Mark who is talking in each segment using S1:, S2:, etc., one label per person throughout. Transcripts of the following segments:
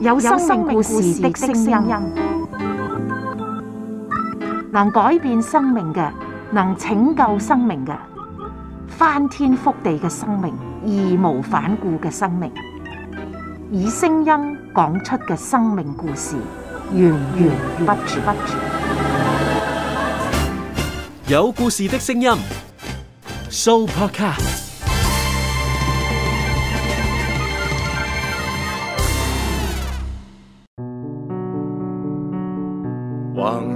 S1: 有生命故事的聲音，能改變生命嘅，能拯救生命嘅，翻天覆地嘅生命，義無反顧嘅生命，以聲音講出嘅生命故事，源源不絕。有故事的聲音，Soupercast。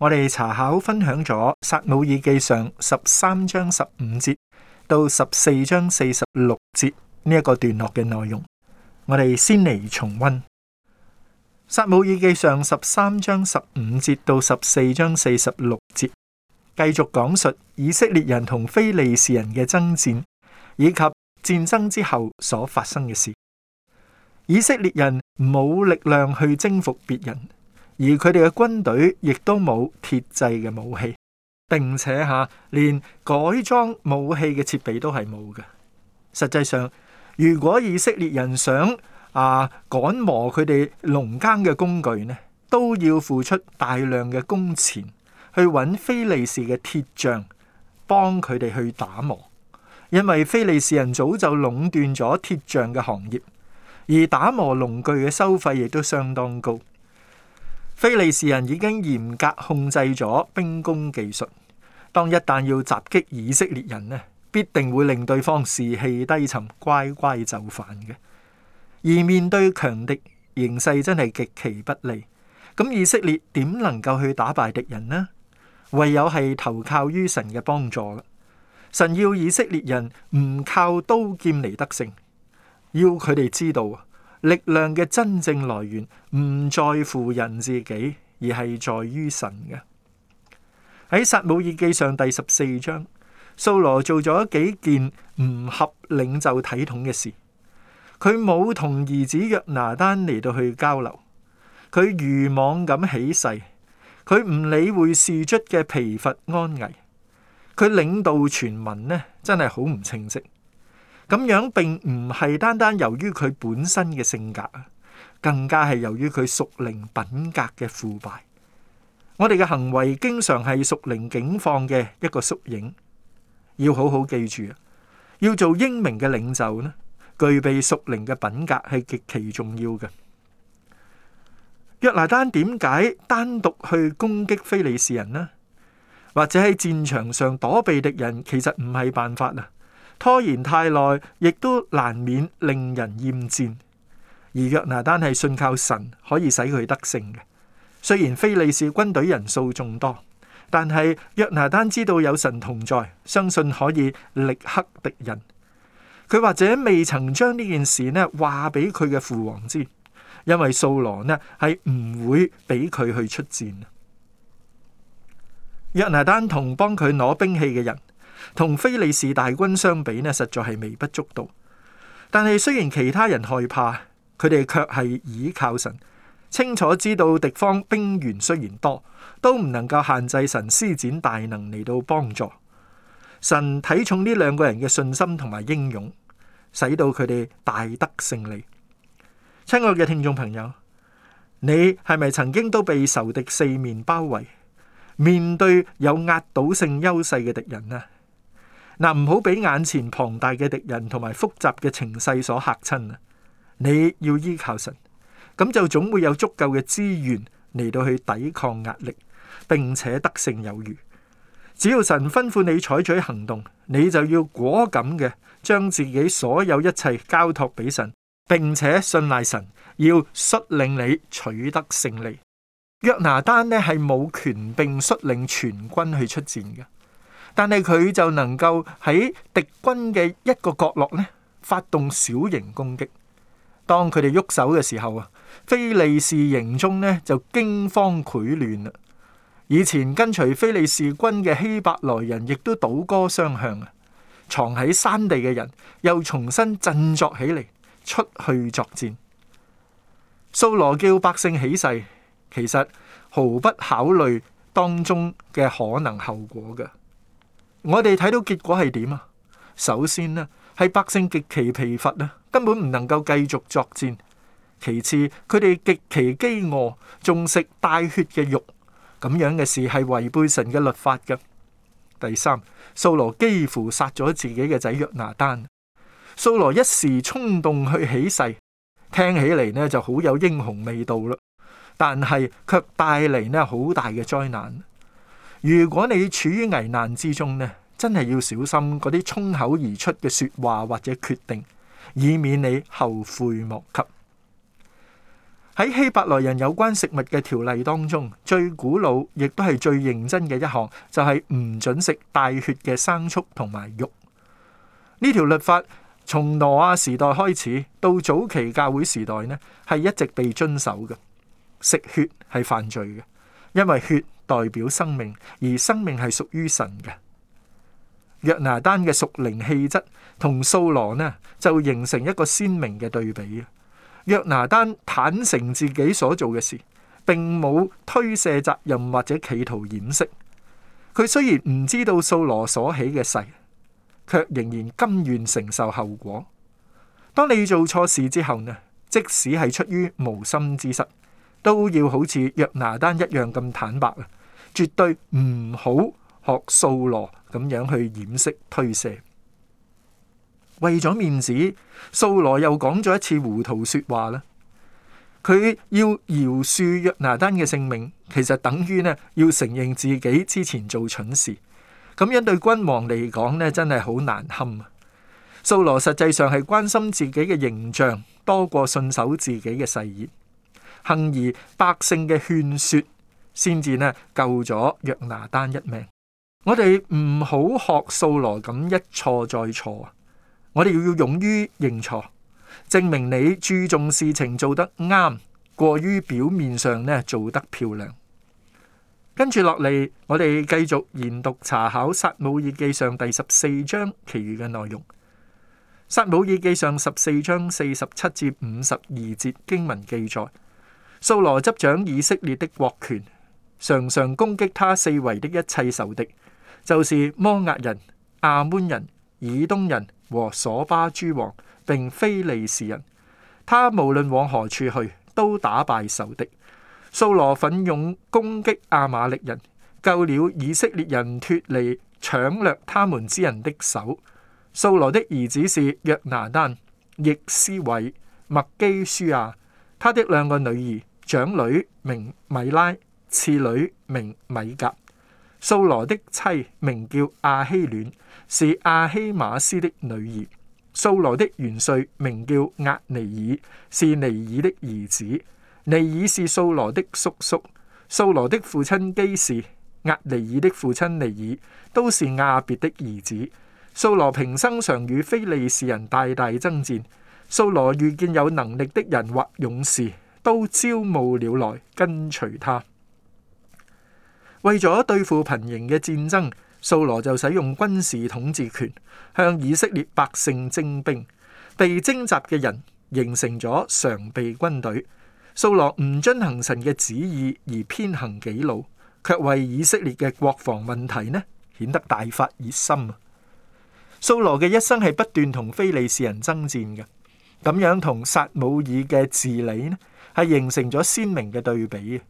S1: 我哋查考分享咗《撒母耳記上》十三章十五節到十四章四十六節呢一、這個段落嘅內容，我哋先嚟重溫《撒母耳記上》十三章十五節到十四章四十六節，繼續講述以色列人同非利士人嘅爭戰，以及戰爭之後所發生嘅事。以色列人冇力量去征服別人。而佢哋嘅軍隊亦都冇鐵製嘅武器，並且吓連改裝武器嘅設備都係冇嘅。實際上，如果以色列人想啊，趕磨佢哋農耕嘅工具呢，都要付出大量嘅工錢去揾非利士嘅鐵匠幫佢哋去打磨，因為非利士人早就壟斷咗鐵匠嘅行業，而打磨農具嘅收費亦都相當高。非利士人已經嚴格控制咗兵工技術，當一旦要襲擊以色列人呢，必定會令對方士氣低沉，乖乖就範嘅。而面對強敵，形勢真係極其不利，咁以色列點能夠去打敗敵人呢？唯有係投靠於神嘅幫助啦。神要以色列人唔靠刀劍嚟得勝，要佢哋知道。力量嘅真正來源唔在乎人自己，而係在於神嘅。喺撒母耳記上第十四章，掃羅做咗幾件唔合領袖體統嘅事。佢冇同兒子約拿單嚟到去交流，佢愚妄咁起誓，佢唔理會士卒嘅疲乏安危，佢領導全民呢，真係好唔稱職。咁樣並唔係單單由於佢本身嘅性格啊，更加係由於佢屬靈品格嘅腐敗。我哋嘅行為經常係屬靈境況嘅一個縮影，要好好記住啊！要做英明嘅領袖呢，具備屬靈嘅品格係極其重要嘅。約拿單點解單獨去攻擊非利士人呢？或者喺戰場上躲避敵人，其實唔係辦法啊！拖延太耐，亦都難免令人厭戰。而約拿單係信靠神，可以使佢得勝嘅。雖然非利士軍隊人數眾多，但係約拿單知道有神同在，相信可以力克敵人。佢或者未曾將呢件事呢話俾佢嘅父王知，因為掃羅呢係唔會俾佢去出戰。約拿單同幫佢攞兵器嘅人。同非利士大軍相比呢，實在係微不足道。但係雖然其他人害怕，佢哋卻係倚靠神，清楚知道敵方兵員雖然多，都唔能夠限制神施展大能嚟到幫助。神睇重呢兩個人嘅信心同埋英勇，使到佢哋大得勝利。親愛嘅聽眾朋友，你係咪曾經都被仇敵四面包圍，面對有壓倒性優勢嘅敵人呢？嗱，唔好俾眼前龐大嘅敵人同埋複雜嘅情勢所嚇親啊！你要依靠神，咁就總會有足夠嘅資源嚟到去抵抗壓力，並且得勝有餘。只要神吩咐你採取行動，你就要果敢嘅將自己所有一切交託俾神，並且信賴神，要率領你取得勝利。約拿單呢係冇權並率領全軍去出戰嘅。但係佢就能夠喺敵軍嘅一個角落呢，發動小型攻擊。當佢哋喐手嘅時候啊，菲利士營中呢就驚慌潰亂啦。以前跟隨菲利士軍嘅希伯來人亦都倒戈相向啊，藏喺山地嘅人又重新振作起嚟，出去作戰。掃羅叫百姓起誓，其實毫不考慮當中嘅可能後果噶。我哋睇到結果係點啊？首先呢，係百姓極其疲乏咧，根本唔能夠繼續作戰；其次，佢哋極其飢餓，仲食帶血嘅肉，咁樣嘅事係違背神嘅律法噶。第三，掃羅幾乎殺咗自己嘅仔約拿單。掃羅一時衝動去起誓，聽起嚟呢就好有英雄味道咯，但係卻帶嚟呢好大嘅災難。如果你處於危難之中呢，真係要小心嗰啲衝口而出嘅說話或者決定，以免你後悔莫及。喺希伯來人有關食物嘅條例當中，最古老亦都係最認真嘅一項，就係唔准食帶血嘅生畜同埋肉。呢條律法從挪亞時代開始，到早期教會時代呢，係一直被遵守嘅。食血係犯罪嘅，因為血。代表生命，而生命係屬於神嘅。約拿單嘅屬靈氣質同掃羅呢，就形成一個鮮明嘅對比啊！約拿單坦承自己所做嘅事，並冇推卸責任或者企圖掩飾。佢雖然唔知道掃羅所起嘅誓，卻仍然甘願承受後果。當你做錯事之後呢，即使係出於無心之失，都要好似約拿單一樣咁坦白啊！絕對唔好學掃羅咁樣去掩飾推卸，為咗面子，掃羅又講咗一次糊塗說話啦。佢要饒恕約拿丹嘅性命，其實等於呢要承認自己之前做蠢事，咁樣對君王嚟講呢真係好難堪。掃羅實際上係關心自己嘅形象多過信守自己嘅誓言，幸而百姓嘅勸說。先至呢救咗約拿單一命。我哋唔好學掃羅咁一錯再錯啊！我哋要勇於認錯，證明你注重事情做得啱，過於表面上呢做得漂亮。跟住落嚟，我哋繼續研讀查考《撒母耳記上》第十四章其餘嘅內容。《撒母耳記上》十四章四十七至五十二節經文記載，掃羅執掌以色列的國權。常常攻擊他四圍的一切仇敵，就是摩押人、亞門人、以東人和所巴諸王，並非利士人。他無論往何處去，都打敗仇敵。掃羅奮勇攻擊亞瑪力人，救了以色列人脫離搶掠他們之人的手。掃羅的兒子是約拿單、易斯偉、麥基舒亞，他的兩個女兒，長女名米拉。次女名米甲，掃羅的妻名叫亞希暖，是亞希瑪斯的女兒。掃羅的元帥名叫押尼珥，是尼珥的兒子。尼珥是掃羅的叔叔。掃羅的父親基士，押尼珥的父親尼珥，都是亞別的兒子。掃羅平生常與非利士人大大爭戰。掃羅遇見有能力的人或勇士，都招募了來跟隨他。為咗對付頻仍嘅戰爭，掃羅就使用軍事統治權向以色列百姓徵兵。被征集嘅人形成咗常備軍隊。掃羅唔遵行神嘅旨意而偏行己路，卻為以色列嘅國防問題呢，顯得大發熱心啊！掃羅嘅一生係不斷同非利士人爭戰嘅，咁樣同撒母耳嘅治理呢，係形成咗鮮明嘅對比。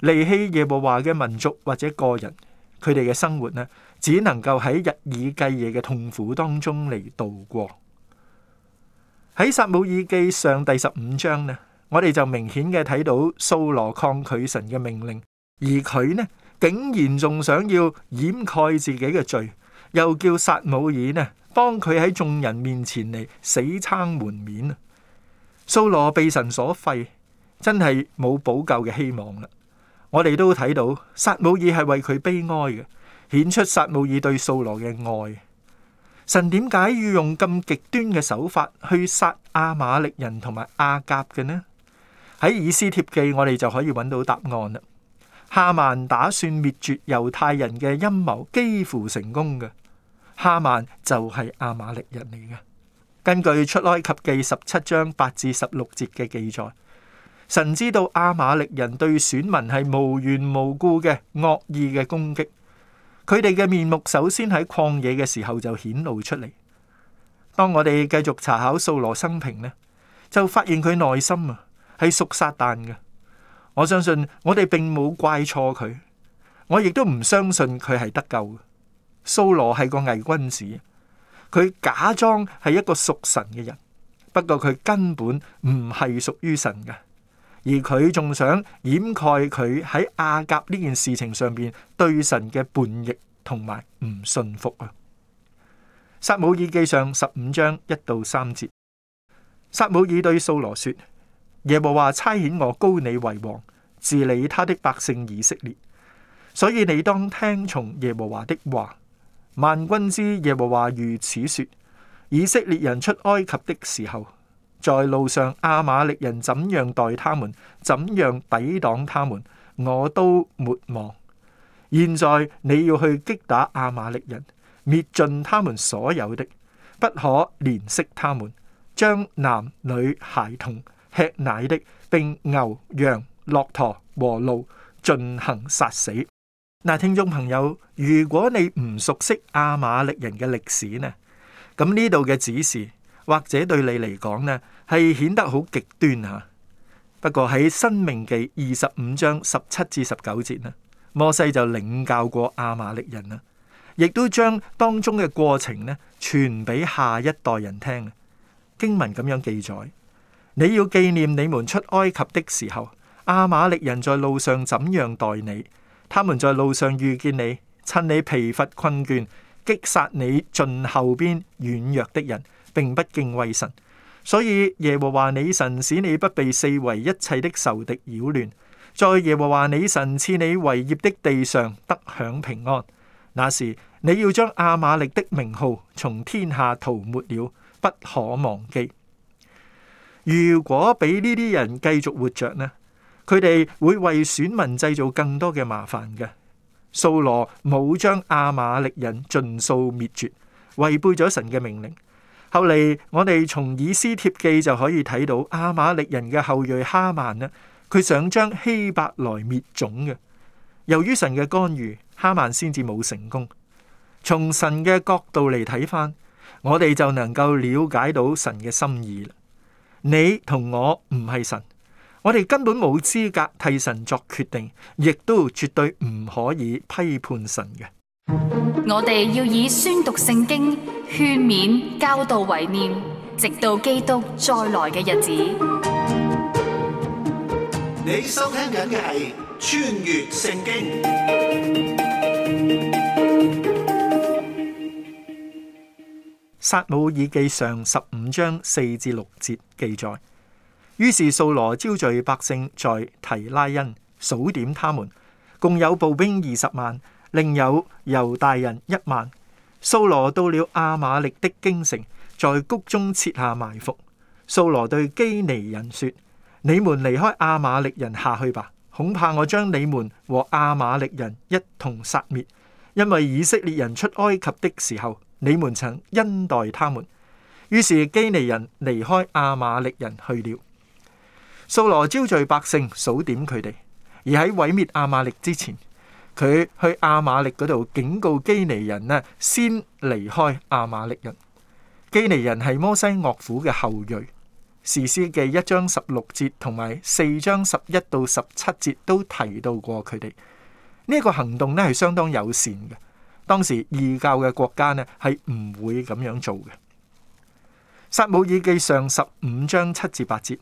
S1: 離棄耶和華嘅民族或者個人，佢哋嘅生活呢，只能夠喺日以繼夜嘅痛苦當中嚟度過。喺撒母耳記上第十五章呢，我哋就明顯嘅睇到掃羅抗拒神嘅命令，而佢呢竟然仲想要掩蓋自己嘅罪，又叫撒母耳呢幫佢喺眾人面前嚟死撐門面啊。掃羅被神所廢，真係冇補救嘅希望啦。我哋都睇到，撒母耳係為佢悲哀嘅，顯出撒母耳對掃羅嘅愛。神點解要用咁極端嘅手法去殺亞瑪力人同埋亞甲嘅呢？喺以斯帖記我哋就可以搵到答案啦。哈曼打算滅絕猶太人嘅陰謀幾乎成功嘅，哈曼就係亞瑪力人嚟嘅。根據出埃及記十七章八至十六節嘅記載。神知道亞瑪力人對選民係無緣無故嘅惡意嘅攻擊，佢哋嘅面目首先喺曠野嘅時候就顯露出嚟。當我哋繼續查考掃羅生平呢，就發現佢內心啊係屬撒旦嘅。我相信我哋並冇怪錯佢，我亦都唔相信佢係得救嘅。掃羅係個偽君子，佢假裝係一個屬神嘅人，不過佢根本唔係屬於神嘅。而佢仲想掩蓋佢喺亞甲呢件事情上邊對神嘅叛逆同埋唔信服啊。撒母耳記上十五章一到三節，撒母耳對掃羅說：耶和華差遣我高你為王，治理他的百姓以色列，所以你當聽從耶和華的話。萬軍之耶和華如此說：以色列人出埃及的時候。在路上，阿瑪力亞瑪力人怎樣待他們，怎樣抵擋他們，我都沒忘。現在你要去擊打亞瑪力人，滅盡他們所有的，不可憐惜他們，將男女孩童、吃奶的，並牛羊、駱駝和驢盡行殺死。嗱，聽眾朋友，如果你唔熟悉亞瑪力人嘅歷史呢，咁呢度嘅指示。或者對你嚟講呢係顯得好極端嚇。不過喺《申命記》二十五章十七至十九節咧，摩西就領教過亞瑪力人啦，亦都將當中嘅過程咧傳俾下一代人聽。經文咁樣記載：你要紀念你們出埃及的時候，亞瑪力人在路上怎樣待你？他們在路上遇見你，趁你疲乏困倦，擊殺你，盡後邊軟弱的人。並不敬畏神，所以耶和華你神使你不被四圍一切的仇敵擾亂，在耶和華你神賜你為業的地上得享平安。那時你要將亞瑪力的名號從天下塗抹了，不可忘記。如果俾呢啲人繼續活着呢，佢哋會為選民製造更多嘅麻煩嘅。掃羅冇將亞瑪力人盡數滅絕，違背咗神嘅命令。後嚟我哋從以斯帖記就可以睇到亞瑪力人嘅後裔哈曼啦，佢想將希伯來滅種嘅。由於神嘅干預，哈曼先至冇成功。從神嘅角度嚟睇翻，我哋就能夠了解到神嘅心意啦。你同我唔係神，我哋根本冇資格替神作決定，亦都絕對唔可以批判神嘅。我哋要以宣讀聖經勸勉教導為念，直到基督再來嘅日子。你收聽緊嘅係穿越聖經。撒母耳記上十五章四至六節記載，於是掃羅招聚百姓在提拉恩數點他們，共有步兵二十萬。另有猶大人一萬。掃羅到了亞瑪力的京城，在谷中設下埋伏。掃羅對基尼人說：你們離開亞瑪力人下去吧，恐怕我將你們和亞瑪力人一同殺滅，因為以色列人出埃及的時候，你們曾恩待他們。於是基尼人離開亞瑪力人去了。掃羅招聚百姓，數點佢哋，而喺毀滅亞瑪力之前。佢去亞瑪力嗰度警告基尼人呢先離開亞瑪力人。基尼人係摩西岳父嘅後裔，士師記一章十六節同埋四章十一到十七節都提到過佢哋。呢、這、一個行動呢係相當友善嘅，當時異教嘅國家呢係唔會咁樣做嘅。撒母耳記上十五章七至八節，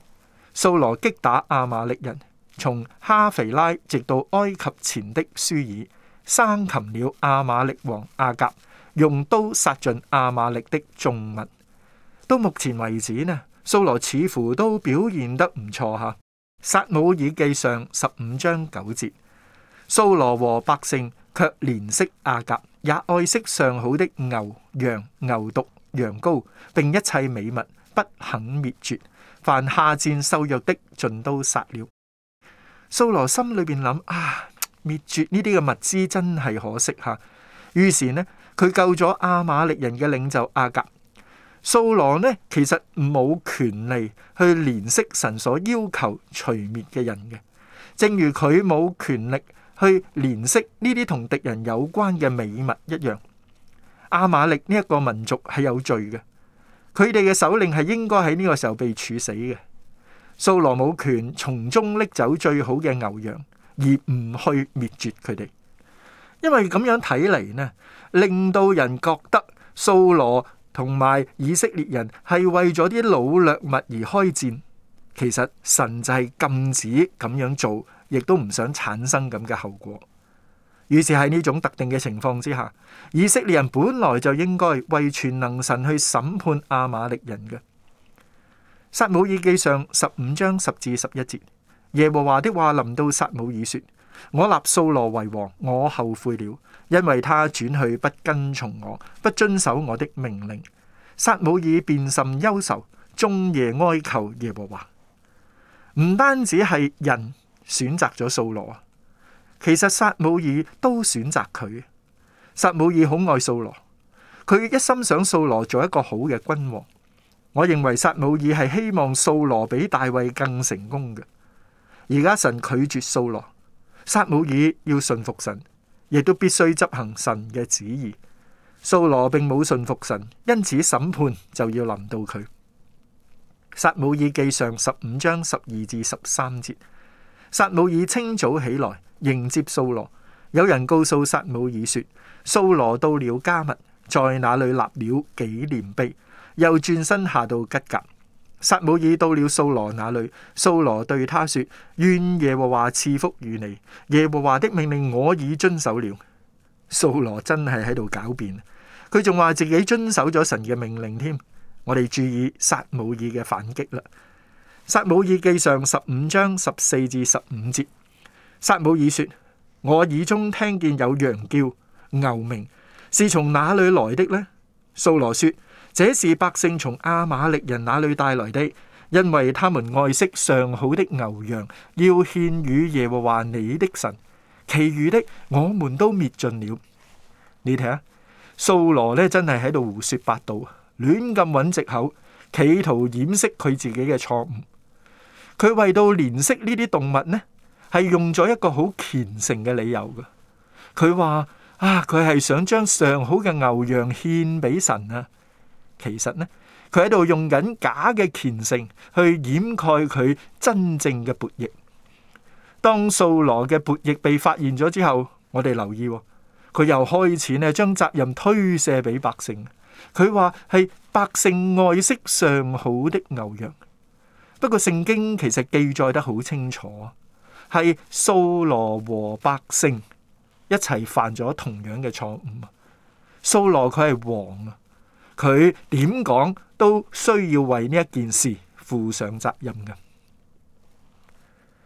S1: 掃羅擊打亞瑪力人。從哈肥拉直到埃及前的舒爾，生擒了亞瑪力王亞甲，用刀殺盡亞瑪力的眾物。到目前為止呢，蘇羅似乎都表現得唔錯吓。撒母耳記上十五章九節，蘇羅和百姓卻憐惜亞甲，也愛惜上好的牛羊、牛犢、羊羔，並一切美物，不肯滅絕，凡下賤瘦弱的盡都殺了。掃羅心裏邊諗：啊，滅絕呢啲嘅物資真係可惜吓。於是呢，佢救咗亞瑪力人嘅領袖阿格。掃羅呢，其實冇權力去憐惜神所要求除滅嘅人嘅，正如佢冇權力去憐惜呢啲同敵人有關嘅美物一樣。亞瑪力呢一個民族係有罪嘅，佢哋嘅首領係應該喺呢個時候被處死嘅。掃羅冇權從中拎走最好嘅牛羊，而唔去滅絕佢哋，因為咁樣睇嚟呢，令到人覺得掃羅同埋以色列人係為咗啲老掠物而開戰。其實神就係禁止咁樣做，亦都唔想產生咁嘅後果。於是喺呢種特定嘅情況之下，以色列人本來就應該為全能神去審判亞瑪力人嘅。撒母耳記上十五章十至十一節，耶和華的話臨到撒母耳說：我立掃羅為王，我後悔了，因為他轉去不跟從我，不遵守我的命令。撒母耳便甚憂愁，愁，終夜哀求耶和華。唔單止係人選擇咗掃羅，其實撒母耳都選擇佢。撒母耳好愛掃羅，佢一心想掃羅做一個好嘅君王。我認為撒母耳係希望掃羅比大衛更成功嘅。而家神拒絕掃羅，撒母耳要順服神，亦都必須執行神嘅旨意。掃羅並冇順服神，因此審判就要臨到佢。撒母耳記上十五章十二至十三節，撒母耳清早起來迎接掃羅。有人告訴撒母耳說，掃羅到了迦密，在那裏立了紀念碑。又轉身下到吉甲。撒母耳到了掃羅那裏，掃羅對他說：願耶和華賜福與你！耶和華的命令我已遵守了。掃羅真係喺度狡辯，佢仲話自己遵守咗神嘅命令添。我哋注意撒母耳嘅反擊啦。撒母耳記上十五章十四至十五節，撒母耳說：我耳中聽見有羊叫、牛鳴，是從哪裏來的呢？掃羅說。這是百姓從阿瑪力人那裏帶來的，因為他們愛惜上好的牛羊，要獻與耶和華你的神。其餘的我們都滅盡了。你睇下，素羅咧真係喺度胡說八道，亂咁揾藉口，企圖掩飾佢自己嘅錯誤。佢為到憐惜呢啲動物呢，係用咗一個好虔誠嘅理由噶。佢話啊，佢係想將上好嘅牛羊獻俾神啊。其實呢，佢喺度用緊假嘅虔誠去掩蓋佢真正嘅悖逆。當掃羅嘅悖逆被發現咗之後，我哋留意、哦，佢又開始咧將責任推卸俾百姓。佢話係百姓愛惜上好的牛羊。不過聖經其實記載得好清楚，係掃羅和百姓一齊犯咗同樣嘅錯誤。掃羅佢係王啊。佢點講都需要為呢一件事負上責任嘅。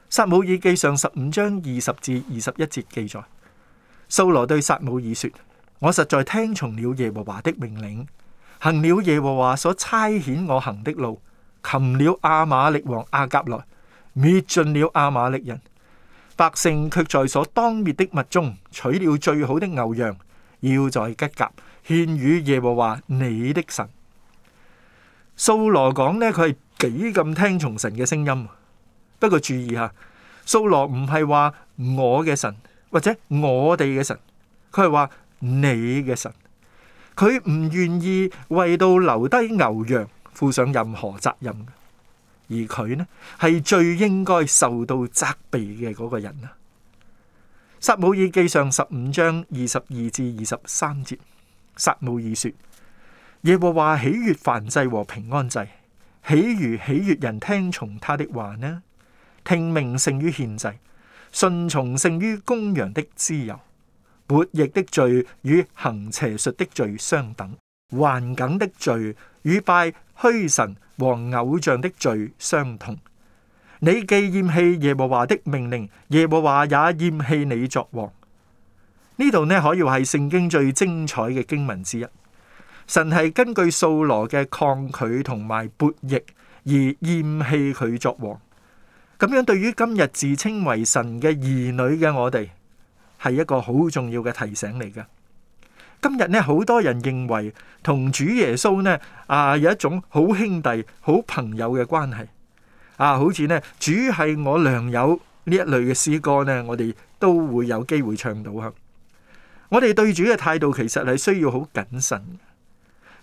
S1: 撒母耳記上十五章二十至二十一節記載，掃羅對撒母耳說：我實在聽從了耶和華的命令，行了耶和華所差遣我行的路，擒了亞瑪力王亞甲來，滅盡了亞瑪力人，百姓卻在所當滅的物中取了最好的牛羊，要在吉甲。獻與耶和華你的神。掃羅講咧，佢係幾咁聽從神嘅聲音。不過注意下，掃羅唔係話我嘅神或者我哋嘅神，佢係話你嘅神。佢唔願意為到留低牛羊負上任何責任，而佢呢係最應該受到責備嘅嗰個人啦。撒母耳記上十五章二十二至二十三節。撒母耳說：耶和華喜悅燔祭和平安祭，豈如喜悅人聽從他的話呢？聽命勝於獻祭，順從勝於公羊的脂油。悖逆的罪與行邪術的罪相等，頑梗的罪與拜虛神和偶像的罪相同。你既厭棄耶和華的命令，耶和華也厭棄你作王。呢度呢可以話係聖經最精彩嘅經文之一。神係根據掃羅嘅抗拒同埋悖逆而厭棄佢作王。咁樣對於今日自稱為神嘅兒女嘅我哋，係一個好重要嘅提醒嚟嘅。今日呢好多人認為同主耶穌呢啊有一種好兄弟、好朋友嘅關係啊，好似呢主係我良友呢一類嘅詩歌呢，我哋都會有機會唱到啊。我哋對主嘅態度其實係需要好謹慎。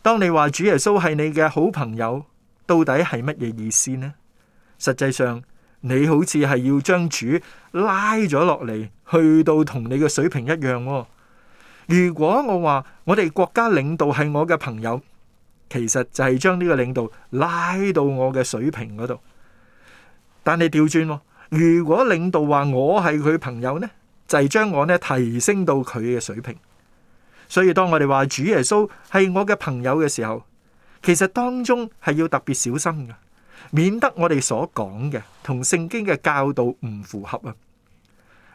S1: 當你話主耶穌係你嘅好朋友，到底係乜嘢意思呢？實際上，你好似係要將主拉咗落嚟，去到同你嘅水平一樣。如果我話我哋國家領導係我嘅朋友，其實就係將呢個領導拉到我嘅水平嗰度。但係調轉，如果領導話我係佢朋友呢？就係將我呢提升到佢嘅水平，所以當我哋話主耶穌係我嘅朋友嘅時候，其實當中係要特別小心嘅，免得我哋所講嘅同聖經嘅教導唔符合啊！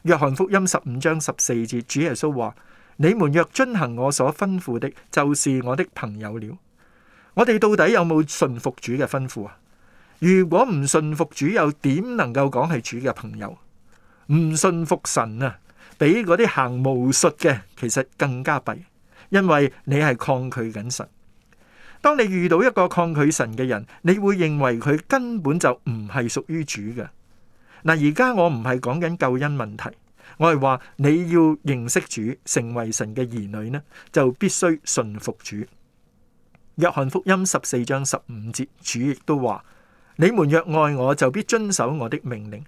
S1: 約翰福音十五章十四節，主耶穌話：你們若遵行我所吩咐的，就是我的朋友了。我哋到底有冇順服主嘅吩咐啊？如果唔順服主，又點能夠講係主嘅朋友？唔順服神啊！比嗰啲行巫術嘅，其實更加弊，因為你係抗拒緊神。當你遇到一個抗拒神嘅人，你會認為佢根本就唔係屬於主嘅。嗱，而家我唔係講緊救恩問題，我係話你要認識主，成為神嘅兒女呢，就必須順服主。約翰福音十四章十五節，主亦都話：你們若愛我，就必遵守我的命令。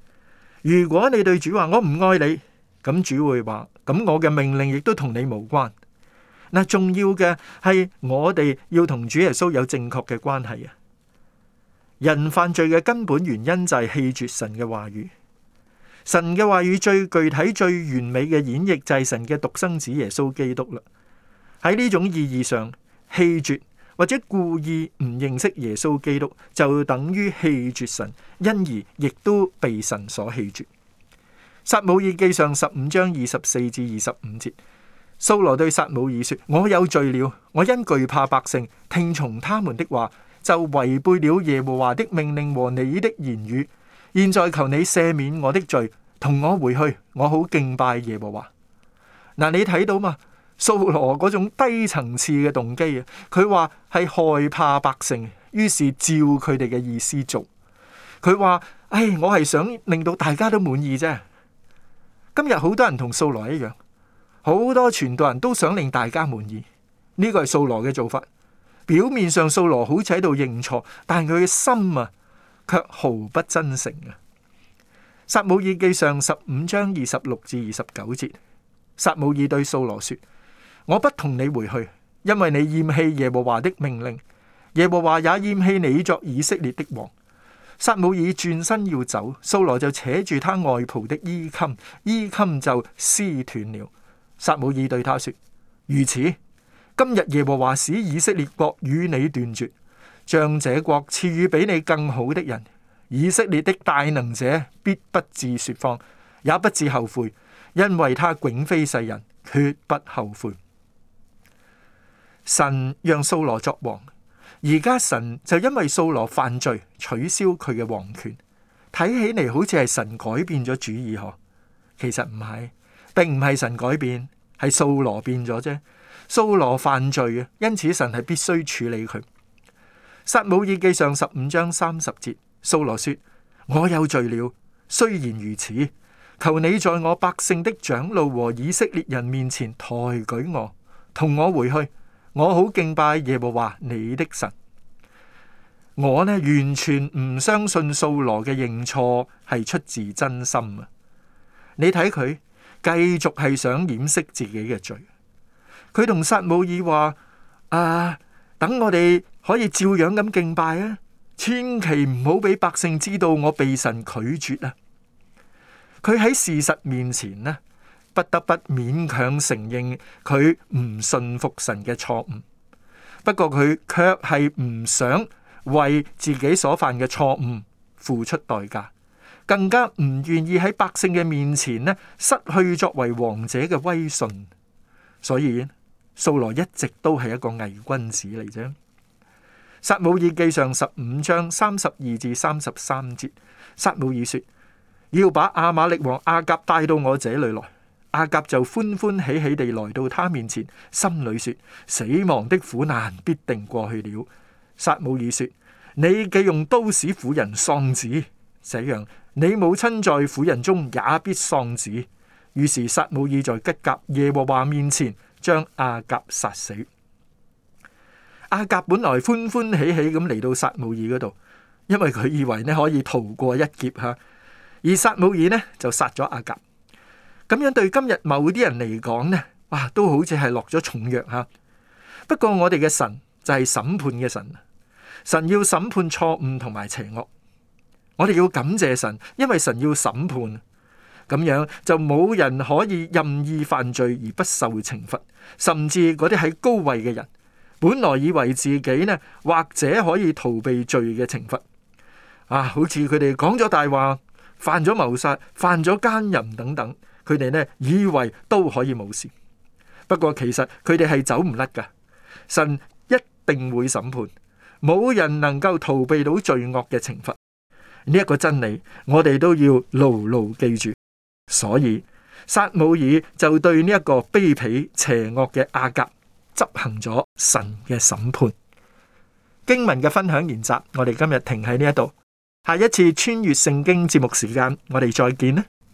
S1: 如果你對主話我唔愛你。咁主會話，咁我嘅命令亦都同你無關。嗱，重要嘅係我哋要同主耶穌有正確嘅關係啊！人犯罪嘅根本原因就係棄絕神嘅話語，神嘅話語最具體、最完美嘅演繹就係神嘅獨生子耶穌基督啦。喺呢種意義上，棄絕或者故意唔認識耶穌基督，就等於棄絕神，因而亦都被神所棄絕。撒母耳記上十五章二十四至二十五節，掃羅對撒母耳說：我有罪了，我因懼怕百姓，聽從他們的話，就違背了耶和華的命令和你的言語。現在求你赦免我的罪，同我回去，我好敬拜耶和華。嗱、呃，你睇到嘛？掃羅嗰種低層次嘅動機啊，佢話係害怕百姓，於是照佢哋嘅意思做。佢話：唉、哎，我係想令到大家都滿意啫。今日好多人同掃羅一樣，好多傳道人都想令大家滿意，呢個係掃羅嘅做法。表面上掃羅好似喺度認錯，但係佢嘅心啊，卻毫不真誠啊。撒母耳記上十五章二十六至二十九節，撒母耳對掃羅說：我不同你回去，因為你厭棄耶和華的命令，耶和華也厭棄你作以色列的王。撒母耳轉身要走，掃羅就扯住他外袍的衣襟，衣襟就撕斷了。撒母耳對他說：如此，今日耶和華使以色列國與你斷絕，將這國賜予比你更好的人。以色列的大能者必不至說謊，也不至後悔，因為他迥非世人，絕不後悔。神讓掃羅作王。而家神就因為掃羅犯罪取消佢嘅王權，睇起嚟好似係神改變咗主意嗬，其實唔係，並唔係神改變，係掃羅變咗啫。掃羅犯罪啊，因此神係必須處理佢。撒母耳記上十五章三十節，掃羅說：我有罪了，雖然如此，求你在我百姓的長老和以色列人面前抬舉我，同我回去。我好敬拜耶和華你的神，我呢完全唔相信掃羅嘅認錯係出自真心啊！你睇佢繼續係想掩飾自己嘅罪，佢同撒母耳話：啊，等我哋可以照樣咁敬拜啊，千祈唔好俾百姓知道我被神拒絕啊！佢喺事實面前呢？不得不勉強承認佢唔信服神嘅錯誤，不過佢卻係唔想為自己所犯嘅錯誤付出代價，更加唔願意喺百姓嘅面前呢，失去作為王者嘅威信。所以，掃羅一直都係一個偽君子嚟啫。撒母耳記上十五章三十二至三十三節，撒母耳說：要把亞瑪力王亞甲帶到我這裏來。阿甲就歡歡喜喜地來到他面前，心裏說：死亡的苦難必定過去了。撒母耳說：你既用刀使婦人喪子，這樣你母親在婦人中也必喪子。於是撒母耳在吉甲耶和華面前將阿甲殺死。阿甲本來歡歡喜喜咁嚟到撒母耳嗰度，因為佢以為呢可以逃過一劫吓，而撒母耳呢就殺咗阿甲。咁樣對今日某啲人嚟講呢哇，都好似係落咗重藥吓。不過我哋嘅神就係審判嘅神，神要審判錯誤同埋邪惡。我哋要感謝神，因為神要審判，咁樣就冇人可以任意犯罪而不受懲罰。甚至嗰啲喺高位嘅人，本來以為自己呢或者可以逃避罪嘅懲罰，啊，好似佢哋講咗大話，犯咗謀殺，犯咗奸淫等等。佢哋呢，以為都可以冇事，不過其實佢哋係走唔甩噶。神一定會審判，冇人能夠逃避到罪惡嘅懲罰。呢一個真理，我哋都要牢牢記住。所以，撒母耳就對呢一個卑鄙邪惡嘅亞甲執行咗神嘅審判。經文嘅分享研習，我哋今日停喺呢一度。下一次穿越聖經節目時間，我哋再見啦。